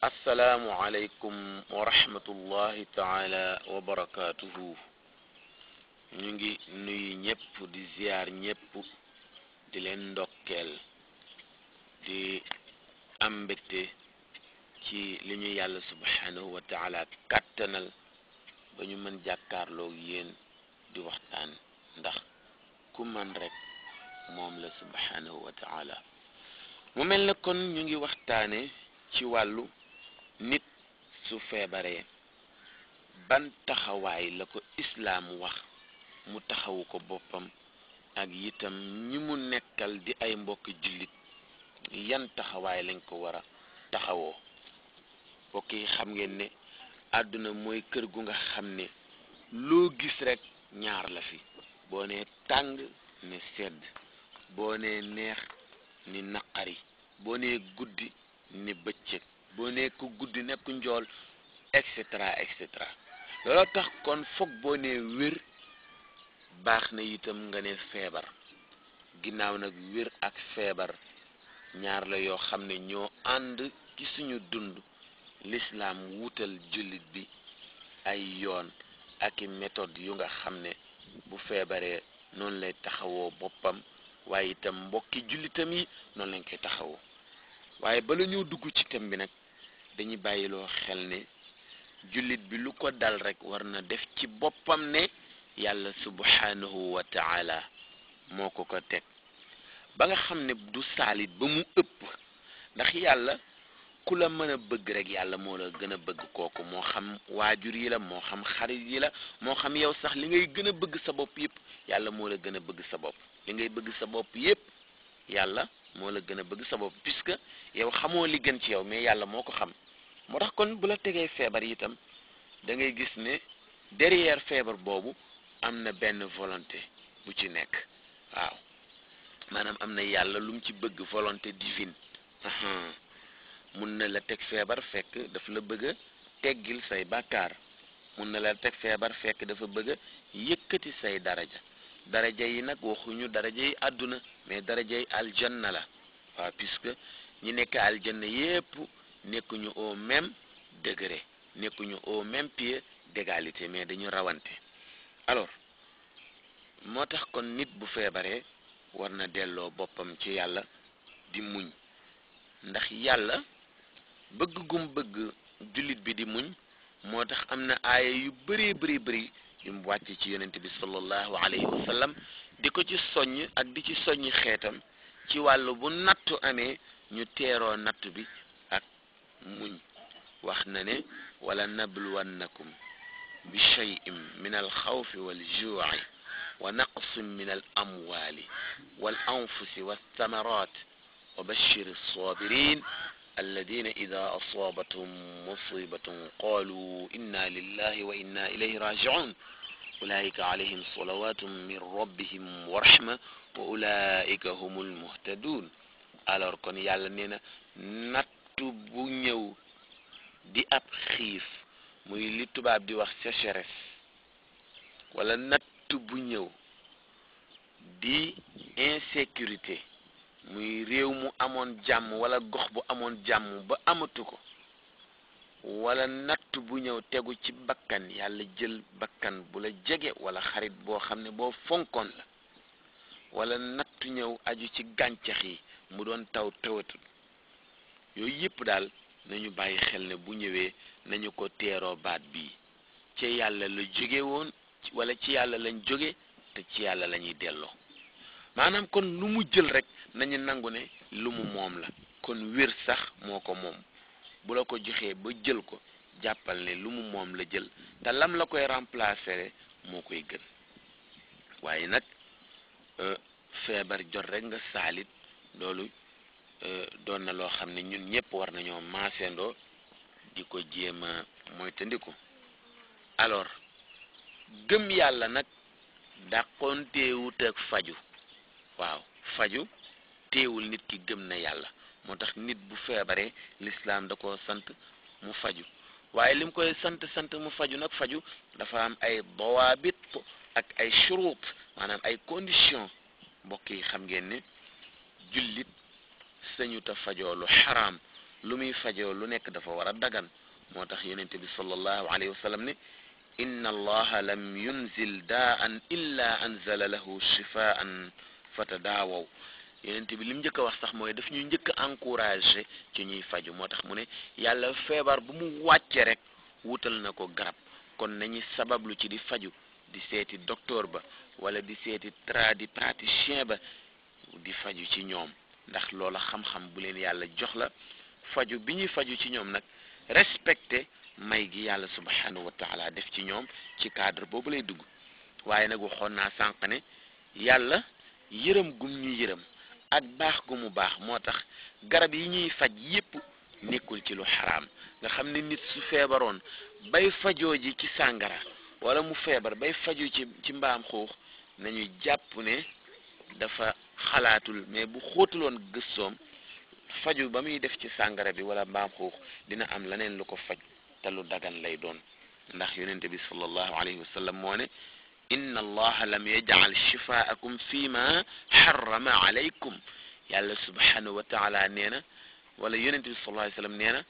asalaamualeykum wa rahmatullahi taala wa barakaatuhu ñu ngi nuyu ñëpp di ziyaar ñëpp di leen ndokkeel di am mbégte ci li ñu yàlla subhaanahu wa taala kàttanal ba ñu mën jàkkaarloog yéen di waxtaan ndax ku man rek moom la subhaanahu wa taala mu mel na kon ñu ngi waxtaane ci wàllu nit su feebaree ban taxawaay la ko islaam wax mu taxawu ko boppam ak yitam ñi mu nekkal di ay mbokk jullit yan taxawaay lañ ko war a taxawoo mbokk yi xam ngeen ne àdduna mooy kër gu nga xam ne loo gis rekk ñaar la fi boo nee tàng ne sedd boo nee neex ni naqari boo nee guddi ni bëccëg boo nee ku guddi nekk njool et cetera et cetera looloo tax kon foog boo nee wér baax na itam nga ne feebar ginnaaw nag wér ak feebar ñaar la yoo xam ne ñoo ànd ci suñu dund lislaam wutal jullit bi ay yoon ak i méthode yu nga xam ne bu feebaree noonu lay taxawoo boppam waaye itam mbokki jullitam yi noonu lañ koy taxawoo waaye bala ñëw dugg ci thème bi nag dañuy bàyyiloo xel ne jullit bi lu ko dal rek war na def ci boppam ne yàlla subhanahu wa moo ko ko teg ba nga xam ne du saalit ba mu ëpp ndax yàlla ku la mën a bëgg rek yàlla moo la gën a bëgg kooku moo xam waajur yi la moo xam xarit yi la moo xam yow sax li ngay gën a bëgg sa bopp yëpp yàlla moo la gën a bëgg sa bopp li ngay bëgg sa bopp yëpp yàlla moo la gën a bëgg sa bopp puisque yow xamoo li gën ci yow mais yàlla moo ko xam moo tax kon bu la tegee feebar itam dangay gis ne derrière feebar boobu am na benn volonté bu ci nekk waaw maanaam am na yàlla lu mu ci bëgg volonté divine mun na la teg feebar fekk daf la bëgg teggil say bàkkaar mun na la teg feebar fekk dafa bëgg a yëkkati say daraja daraja yi nag waxuñu daraja yi àdduna mais daraja yi aljanna la waa puisque ñi nekk aljanna yépp nekkuñu o même degré nekkuñu au même pied d'égalité mais dañu rawante alors moo tax kon nit bu feebaree war na delloo boppam ci yàlla di muñ ndax yàlla bëgg gum bëgg jullit bi di muñ moo tax am na aaya yu bëree bëri bëri yu mu wàcc ci yonent bi sallallahu alayhi wa di ko ci soññ ak di ci soññ xeetam ci wàllu bu nattu amee ñu teeroo natt bi ak muñ wax na ne wala nabluwannakum bi cheyin min alxawfi waljuuci wa naqsin min al amwaali wal anfusi walthamarat wa bashir alsabirin alladina ida asaabatum musibatun qaalu inna lillahi wa inna ilayhi rajiun ulaika alayhim salawatun min rabbihim wa rahma wa ulaika humul muhtadun alors kon yàlla nee na nattu bu ñëw di ab xiif muy li tubaab di wax sécheresse wala nattu bu ñëw di insécurité muy réew mu amoon jàmm wala gox bu amoon jàmm ba amatu ko wala natt bu ñëw tegu ci bakkan yàlla jël bakkan bu la jege wala xarit boo xam ne boo fonkoon la wala nattu ñëw aju ci gàncax yi mu doon taw tawatul yooyu yëpp daal nañu bàyyi xel ne bu ñëwee nañu ko teeroo baat bi ci yàlla la jóge woon wala ci yàlla lañ jóge te ci yàlla lañuy delloo maanaam kon lu mu jël rek nañu nangu ne lu mu moom la kon wér sax moo ko moom bu la ko joxee ba jël ko jàppal ne lu mu moom la jël te lam la koy remplacer moo koy gën waaye nag euh, feebar jot rek nga saalit loolu euh, doon na loo xam ne ñun ñëpp war nañoo maasendoo di ko jéem a moytandiku alors gëm yàlla nag dàqonteewut ak faju waaw faju teewul nit ki gëm na yàlla moo tax nit bu feebaree lislaam da koo sant mu faju waaye lim koy sant sant mu faju nag faju dafa am ay dawaabit ak ay shuruut maanaam ay condition mbokk yi xam ngeen ne jullit sañu ta fajoo lu xaraam lu muy fajoo lu nekk dafa war a dagan moo tax yonente bi sallallahu alayhi wa ne inna allaha lam yunzil daan illa anzala lahu shifaan fata daawow yenent bi li mu njëkk a wax sax mooy daf ñuy njëkk a encouragé ci ñuy faju moo tax mu ne yàlla feebar bu mu wàcce rek wutal na ko garab kon nañu sabablu ci di faju di seeti docteur ba wala di seeti tradipraticien ba di faju ci ñoom ndax loola xam-xam bu leen yàlla jox la faju bi ñuy faju ci ñoom nag respecté may gi yàlla subhanahu wa taala def ci ñoom ci cadre boobu lay dugg waaye nag waxoon naa ne yàlla yërëm gu ñu yërëm ak baax gu mu baax moo tax garab yi ñuy faj yépp nekkul ci lu xaraam nga xam ne nit su feebaroon bay fajoo ji ci sàngara wala mu feebar bay faju ci ci mbaam xuux nañu jàpp ne dafa xalaatul mais bu xóotuloon gëstoom faju ba muy def ci sàngara bi wala mbaam xuux dina am leneen lu ko faj te lu dagan lay doon ndax yonente bi sallallahu alayhi wa moo ne inna allaha lam yajal shifaakum fi ma xarama alaykum yàlla subhanahu wa taala nee na wala yonent bi sallallahu alayhi wasallam nee na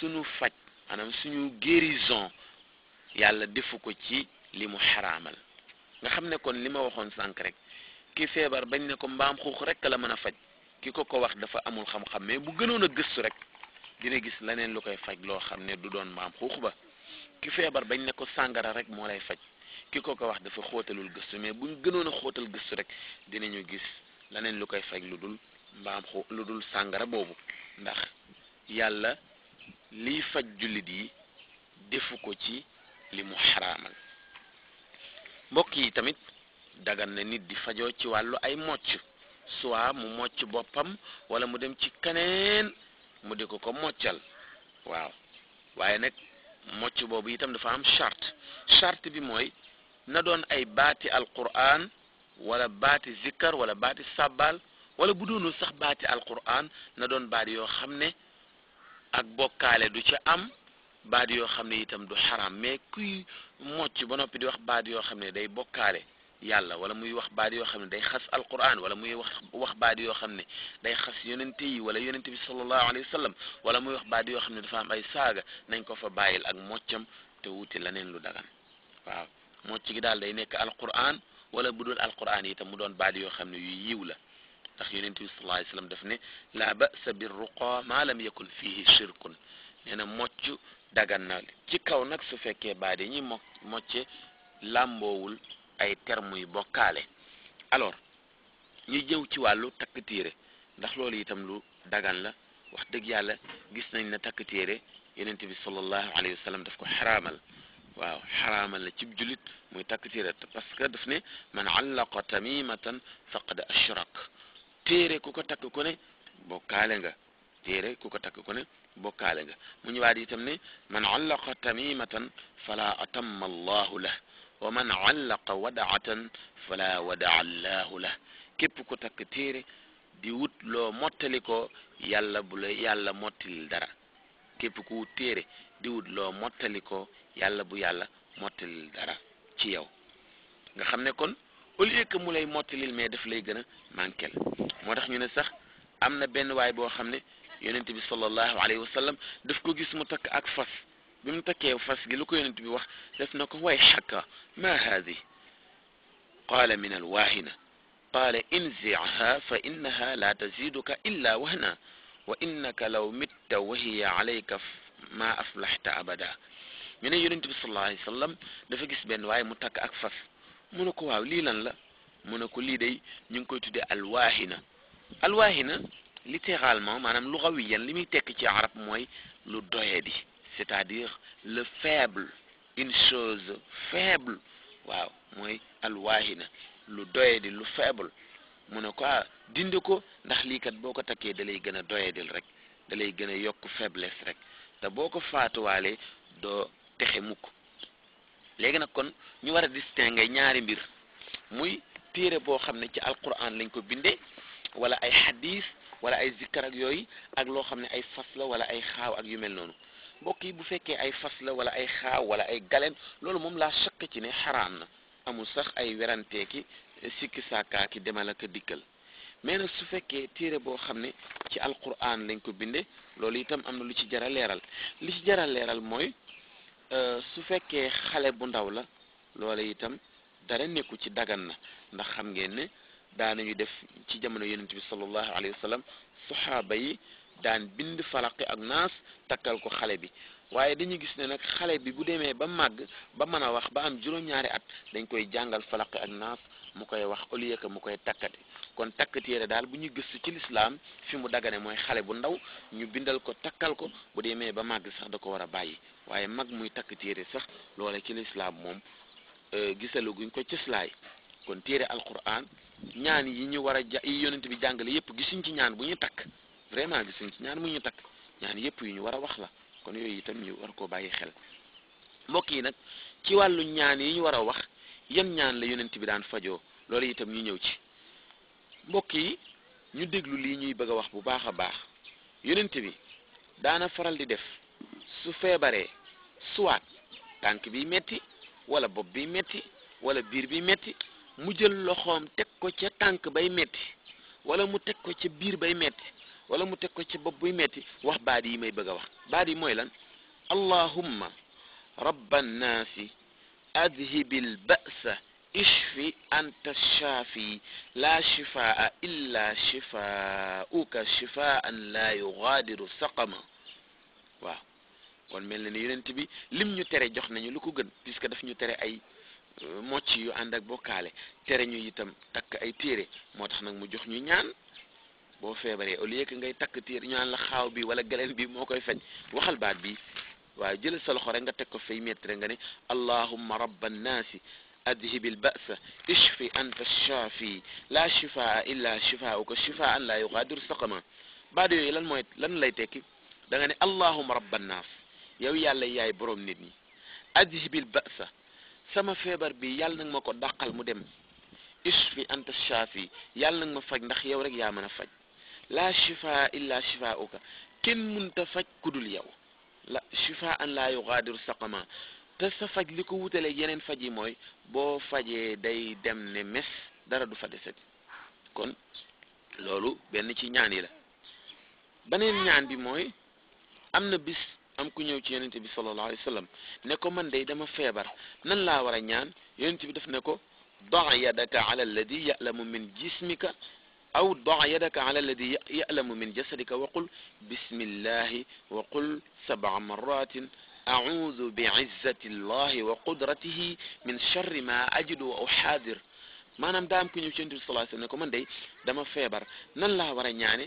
suñu faj anam suñu guérison yàlla defu ko ci li mu xaraamal nga xam ne kon li ma waxoon sànq rek ki feebar bañ ne ko mbaam xuux rek la mën a faj ki ko ko wax dafa amul xam-xam bu gënoon a gëstu rek dina gis leneen lu koy faj loo xam ne du doon mbaam xuux ba ki feebar bañ ne ko sàngara rek moo lay faj ki ko ko wax dafa xóotalul gëstu mais buñ gënoon a xóotal gëstu rek dinañu gis leneen lu koy faj lu dul mbaam xu lu dul sàngara boobu ndax yàlla liy faj jullit yi defu ko ci li mu xaraamal mbokk yi tamit dagan na nit di fajoo ci wàllu ay mocc soit mu mocc boppam wala mu dem ci keneen mu de ko ko moccal waaw waaye nag mocc boobu itam dafa am chart charte bi mooy na doon ay baati alquran wala baati zikkar wala baati sabbal wala bu doonul sax baati alquran na doon baati yoo xam ne ak bokkaale du ca am baati yoo xam ne itam du xaram mais kuy mocc ba noppi di wax baati yoo xam ne day bokkaale yàlla wala muy wax baat yoo xam ne day xas alquran wala muy wax wax baat yoo xam ne day xas yonente yi wala yonente bi sallallahu alayhi wa sallam wala muy wax baat yoo xam ne dafa am ay saaga nañ ko fa bàyyil ak moccam te wuti leneen lu dagan waaw mocc gi daal day nekk alquran wala bu dul yi itam mu doon baat yoo xam ne yu yiw la ndax yonente bi sallallahu alayhi wa sallam daf ne laa ba'sa bir ruqa maa lam yakun fihi shirkun nee na mocc dagan na ci kaw nag su fekkee baat yi ñuy mo mocce làmboowul ay termes yu bokkaale alors ñu jëw ci wàllu takk téere ndax loolu itam lu dagan la wax dëgg yàlla gis nañ ne takk téere yonent bi sallallahu alayhi wa sallam ko xaraamal waaw xaraamal la cib julit muy takk téere parce que daf ne man allaqa tamimatan faqad ashrak téere ku ko takk ku ne bokkaale nga téere ku ko takk ku ne bokkaale nga mu ñëwaat itam ne man allaqa tamimatan fala atamma allahu lah wa man allaqa wadaatan fala wadaa llaahu la képp ko takk téere di wut loo mottali ko yàlla bu yàlla mottalil dara képp ku téere di loo mottali yàlla bu yàlla mottalil dara ci yow nga xam ne kon au lieu mu lay mottalil mais daf lay gën a manquel moo tax ñu ne sax am na benn waay boo xam ne yonent bi sallallahu alayhi wa sallam daf ko gis mu takk ak fas bi mu takkee fas gi lu ko yonent bi wax def na ko way xakka ma haadi qaala min alwaahina qaala inzichaa fa innaha la taziduka illa wahna wa innaka law mitta wa hiya alayka ma aflaxta abada ñu ne yonent bi sallallahu alayhi wa dafa gis benn waaye mu takk ak fas mu ne ko waaw lii lan la mu ne ko lii day ñu ngi koy tuddee alwaahina alwaahina littéralement maanaam lugawiyan li muy tekk ci arab mooy lu doye di c'est-à-dire le faible une chose faible waaw mooy alwaahina lu doyadi lu faible mu ne ko a ah, dindi ko ndax lii kat boo ko takkee da lay gën a doyadil rek da lay gën a yokk faiblesse rek te boo ko faatuwaalee doo texe mukk léegi nag kon ñu war a ngay ñaari mbir muy téere boo xam ne ci alquran lañ ko bindee wala ay hadis wala ay zikkar ak yooyu ak loo xam ne ay fas wala ay xaaw ak yu mel noonu mbokk yi bu fekkee ay fas la wala ay xaaw wala ay galen loolu moom laa sakk ci ne xaraan na amul sax ay weranteeki sikki saakaa ki demal ak dikkal mais nag su fekkee téere boo xam ne ci alquran lañ ko binde loolu itam am na lu ci jara leeral li ci jaral leeral mooy euh, su fekkee xale bu ndaw la loolu itam dara nekku ci dagan na ndax xam ngeen ne daanañu def ci jamono yonent bi sallallahu alayhi wa sallam saxaaba yi daan bind falaqi ak naas takkal ko xale bi waaye dañu gis ne nag xale bi bu demee ba màgg ba mën a wax ba am juróom-ñaari at dañ koy jàngal falaqi ak naas mu koy wax au lieu que mu koy takkate kon takk téere daal bu ñu gëstu ci lislaam fi mu dagane mooy xale bu ndaw ñu bindal ko takkal ko bu demee ba màgg sax da ko war a bàyyi waaye mag muy takk téere sax loole ci lislaam moom euh, gisalu guñ ko cëslaay kon téere alquran ñaan yi ñu war a ja yi bi jàngale yépp gisuñ ci ñaan bu ñu takk vraiment gis nañ ci ñaan mu ñu takk ñaan yëpp yu ñu war a wax la kon yooyu itam ñu war koo bàyyi xel mbokk yi nag ci wàllu ñaan yi ñu war a wax yan ñaan la yonent bi daan fajoo loolu itam ñu ñëw ci mbokk yi ñu déglu lii ñuy bëgg a wax bu baax a baax yonent bi daana faral di def su feebaree suwaat tànk bi metti wala bopp bi metti wala biir bi metti mu jël loxoom teg ko ca tànk bay metti wala mu teg ko ca biir bay metti wala mu teg ko ci bopp buy metti wax baat yi may bëgg a wax baat yi mooy lan allahumma rabba annaasi adhibil ba'sa ishfi anta shaafi la shifaa illa shifaauka shifaan la yugaadiru saqama waaw kon mel na ni yonent bi lim ñu tere jox nañu lu ko gën puisque daf ñu tere ay euh, moci yu ànd ak bokkaale tere ñu itam takk ay téere moo tax nag mu jox ñu ñaan boo feebaree au lieu que ngay takk tiir ñu la xaaw bi wala galeen bi moo koy faj waxal baat bi waa jël sa loxo rek nga teg ko fay métti rek nga ne allahumma rabba nnaasi adhibi lbasa ishfi anta shaafi la shifaa illa shifaauka shifaan la yugaadiru saqama baat yooyu lan mooy lan lay tekki da nga ne allahumma rabba nnaas yow yàlla yaay borom nit ñi adhibi lbasa sama feebar bi yàlla nag ma ko dàqal mu dem ishfi anta shaafi yàlla nag ma faj ndax yow rek yaa mën a faj la shifaa illa shifaa uka kenn munta faj kudul yow la shifaa an laa yugaadiru saqama te sa faj li ko wutaleeg yeneen faj yi mooy boo fajee day dem ne mes dara du fa desati kon loolu benn ci ñaan yi la beneen ñaan bi mooy am na bis am ku ñëw ci yonente bi sallallahu alayhi ne ko man day dama feebar nan laa war a ñaan yonente bi daf ne ko daa yadaka ala alladi ya'lamu min jismika aw daa yadaka ala alladi ya'lamu min jasadika wa qul bismillahi wa qul sab'a marratin a'uudu bi'izzati llahi wa qudratihi min sharri ma ajidu wa uhaadir maanaam daa am ku ñëw ci yonent bi sallallahu alayhi wasallam ne ko man day dama feebar nan laa war a ñaane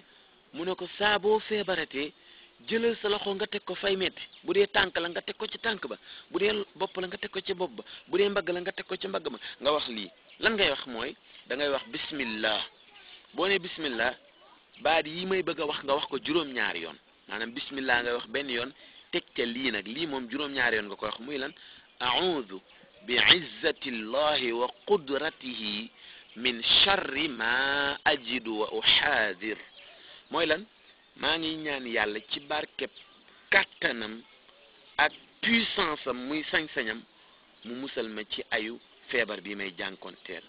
mu ne ko saa boo feebaratee jëlal sa loxo nga teg ko fay metti bu dee tànk la nga teg ko ci tànk ba bu de bopp la nga te ko ci bopp ba bu dee mbagg la nga teg ko ci mbagg ma nga wax lii lan ngay wax mooy da ngay wax bismillah boo ne bismillah baat yi may bëgg a wax nga wax ko juróom-ñaari yoon maanaam bismillah ngay wax benn yoon teg ca lii nag lii moom juróom-ñaari yoon nga koy wax muy lan audu bi izzati llahi wa qudratihi min charri ma ajidu wa uxaadir mooy lan maa ngi ñaan yàlla ci barkeb kàttanam ak puissance am muy sañ-sañam mu musal ma ci ayu feebar bi may jànkonteel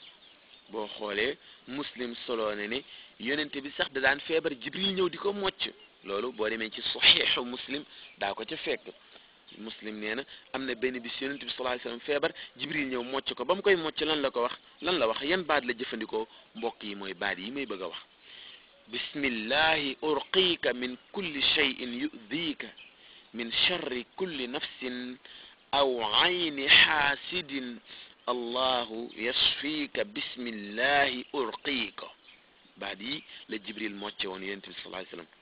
boo xoolee muslim solo ne ne yonente bi sax da daan feebar jibril ñëw di ko mocc loolu boo demee ci saxiixu muslim daa ko ca fekk muslim nee na am na benn bis yonente bi sallallahu alayhi wasallam feebar jibril ñëw mocc ko ba mu koy mocc lan la ko wax lan la wax yan baat la jëfandikoo mbokk yi mooy baat yi may bëgg a wax bismillahi urqiika min kulli cheyin yudiika min charri kulli nafsin aw ayni xaasidin allahu yasfiika bismillahi urqiika baat yi la jibril mocce woon yonent bi sallallahu alayhi wasallam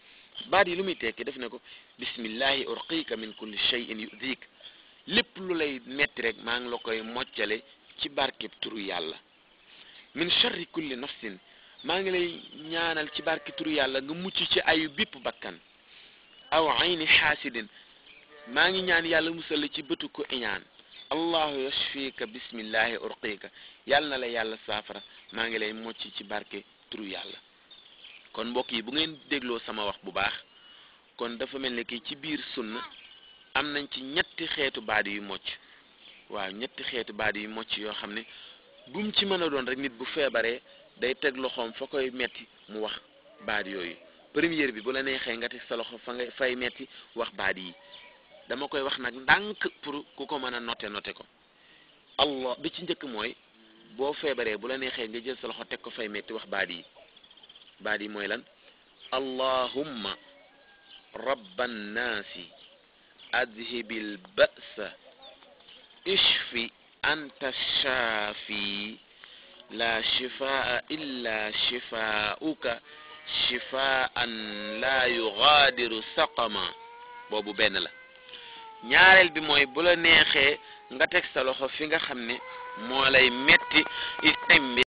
baat yi lu muy tekki def ne ko bismillahi urqiika min kulli shay'in yudik lépp lu lay metti rek maa ngi la koy moccale ci barkeb turu yàlla min sharri kulli nafsin maa ngi lay ñaanal ci barke turu yàlla nga mucc ci ayu bépp bakkan aw ayni xaasidin maa ngi ñaan yàlla musal ci bëtu ko iñaan allahu yashfika bismillahi urqika yàlla na la yàlla saafara maa ngi lay mocc ci barke turu yàlla kon mbokk yi bu ngeen dégloo sama wax bu baax kon dafa mel ni kii ci biir sunna am nañ ci ñetti xeetu baadi yu mocc waaw ñetti xeetu baadi yu mocc yoo xam ne bum ci mën a doon rek nit bu feebaree day teg loxoom fa koy metti mu wax baadi yooyu première bi bu la neexee nga teg sa loxo fa nga fay metti wax baadi yi dama koy wax nag ndànk pour ku ko mën a noté noté ko allah bi ci njëkk mooy boo feebaree bu la neexee nga jël sa loxo teg ko fay metti wax baat yi mooy lan allahumma rabba nnaasi adhibil ba'sa ishfi anta shaafi la shifaa illa shifaauka shifaan la yugaadiru saqama boobu benn la ñaareel bi mooy bu la neexee nga teg sa loxo fi nga xam ne moo lay metti itam bi